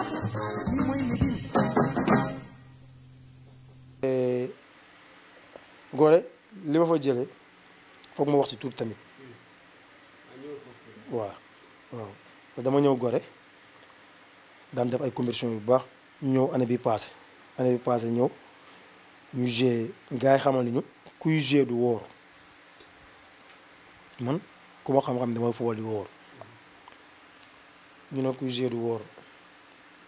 lii mooy liggéey. Gore li ma fa jëlee foog ma wax si tuuti tamit waaw waaw dama ñëw Gore daan def ay compétition yu baax ñëw année bi passé année bi passé ñëw ñuy joué gars yi xamal ni ñu kuy joué du wóor man ku ma xam-xam dama fowal di wóor ñu ne kuy joué du wóor.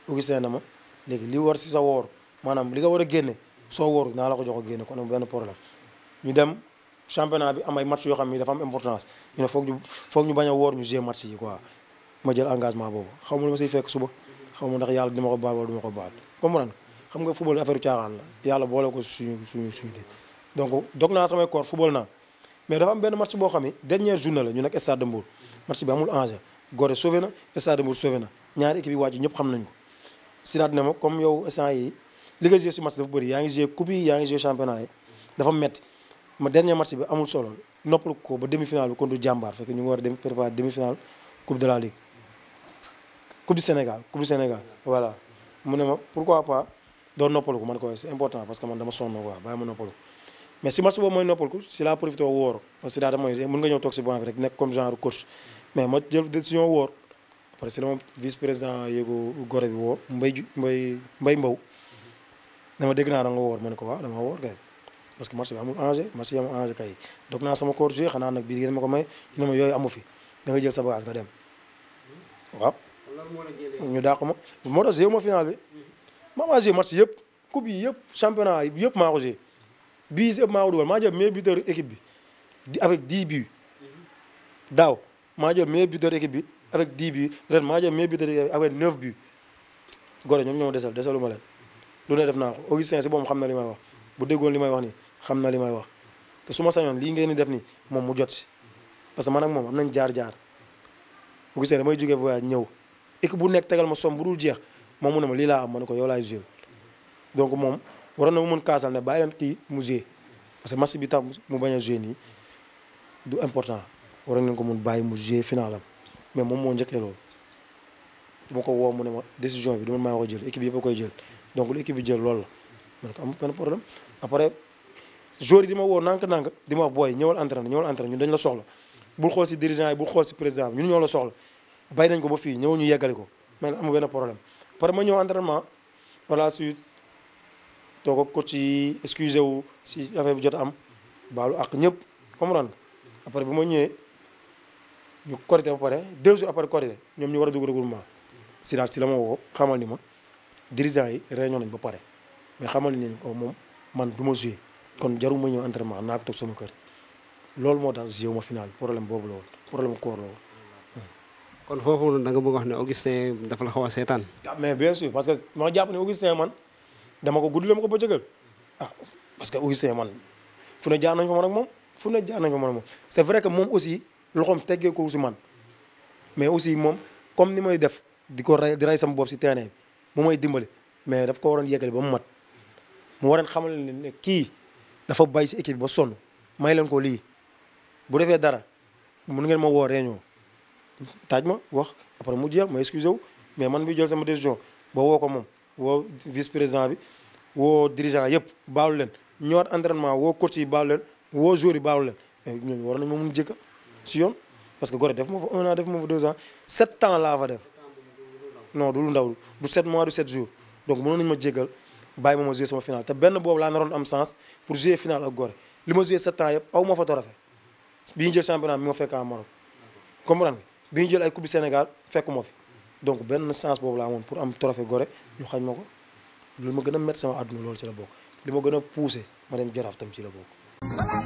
Augustin na ma léegi li war si sa woor maanaam li nga war a génne soo wooru naa la ko jox a génne kon benn problème ñu dem championnat bi am ay match yoo xam ni dafa am importance ñu ne foog ñu a woor ñu jouer match quoi ma jël engagement boobu xaw ma lu ma siy fekk suba xaw ma ndax yàlla dina ko baal wala duma ko baal comprendre xam nga football affaire caaxaan la yàlla boole ko suñu suñu suñu di donc dog naa samay koor football naa mais dafa am benn match boo xam ne dernière journée la ñu nekk stade de Mbour match bi amul enjeu Gorée sauvé na stade de Mbour ñaari équipe yi wàcc ñëpp xam nañ ko si siraat ne ma comme yow instant yi li nga joué si match dafa bëri dernier match bi amul solo noppal ko ba demi-finale bi contre jàmbaar fekk ñu ngi war a dem préparer demi-finale coupe de la ligue coupe du Sénégal coupe du Sénégal voilà mu ne ma pourquoi pas doo noppal ko man ko c'est important parce que man dama sonn quoi bàyyi ma si match boobu mooy noppal si laa profité wóor parce ñëw toog si banc bi rek nekk comme genre coach mais ma jël décision wóor parce que vice président yéegu Gorée bi woo mbay ju mbay mbay mbaw dama dégg naa da nga woor ma ne ko waaw dama woor kay parce que marché bi amul enjeu marché kay dog naa sama koor joué xanaa nag bii ngeen ma ko may ñu ne ma yooyu amu fi da nga jël sa dem waaw ñu dàq ma moo tax joué ma final bi maa maa joué match yëpp coupe yi yëpp championnat yi yëpp maa ko joué bii dugal maa jël meilleur buteur équipe bi di avec 10 buts daaw maa jël meilleur buteur équipe bi avec 10 buts ren maa jël meilleur buteur de Ligue avec 9 buts Gorée ñoom ñoo desal desalu ma leen lu ne def naa ko Augustin si moom xam na li may wax bu déggoon li may wax nii xam na li may wax te su ma sañoon lii ngeen di def nii moom mu jot si parce que man ak moom am nañ jaar-jaar Augustin damay jógee voyage ñëw équipe bu nekk tegal ma somme bu dul jeex moom mu ne ma lii laa am ma ne ko yola laay joué donc moom waroon na mu mun kaasal ne bàyyi leen kii mu joué parce bi tax mu bañ a joué nii du important waroon nañ ko mun bàyyi mu joué mais moom moo njëkkee loolu dama ko woo mu ne ma décision bi du man maa ko jël équipe yëpp a koy jël donc lu équipe bi jël loolu la man ko am benn problème après jour di ma woo nànk-nànk di ma wax booy ñëwal entraîné ñëwal entraîné ñu dañ la soxla bul xool si dirigeant yi bul xool si président bi ñun ñoo la soxla bàyyi nañ ko ba fii ñëw ñu yeggali ko mais amu benn problème après ma ñëw entraînement par la suite toog ak coach yi excusé wu si affaire bi jot am baalu ak ñëpp comprendre bi ma ñëwee ñu Korité ba pare deux jours après Korité ñoom ñu war a dugg regroupement Siraaj si la ma woo xamal ni ma dirigeant yi réunion nañ ba pare mais xamal ni ko moom man du ma joué kon jarul ma ñëw entraînement naa ko toog sama kër loolu moo tax joué ma final problème boobu la woon problème koor la woon. kon foofu da nga bëgg wax ne Augustin dafa la xaw a seetaan. Ah, mais bien sûr parce que ma jàpp ne Augustin man dama ko gudd ma ko bëccëgal ah parce que Augustin man fu ne jaar nañ fa man ak moom fu ne jaar nañ fa man ak moom c'est vrai que moom aussi. loxoom teggee ko si man mais aussi moom comme ni may def di ko rey di rey sama bopp si terrain bi mu may dimbali mais daf ko waroon yeggale ba mu mat mu waroon xamal leen ne kii dafa bay si équipe ba sonn may leen ko lii bu defee dara mun ngeen ma woo réunion taaj ma wax après mu jeex ma excusé wu mais man bi jël sama décision ba woo ko moom woo vice président bi woo dirigeant yëpp baalu leen ñëwaat entraînement woo coach yi baalu woo joueur yi baalu leen ñooñu war nañ ma mun si yoon parce que Gorée def ma fa un an def ma fa deux ans sept ans laa fa def non du lu ndaw du sept mois du sept jours donc mënoon nañu ma jéggal bàyyi ma ma joué sama final te benn boobu laa naroon am sens pour jouer final ak Gorée li ma joué sept ans yëpp aw ma fa trophée bi ñu jël championnat mi ma fekk en Maroc comprendre nga bi ñu jël ay coupe du Sénégal fekku ma fi donc benn sens boobu laa amoon pour am trophée Gorée ñu xañ ma ko lu ma gën a métti sama àdduna loolu la bokk li ma gën a poussé ma dem Jaraaf tam ci la bokk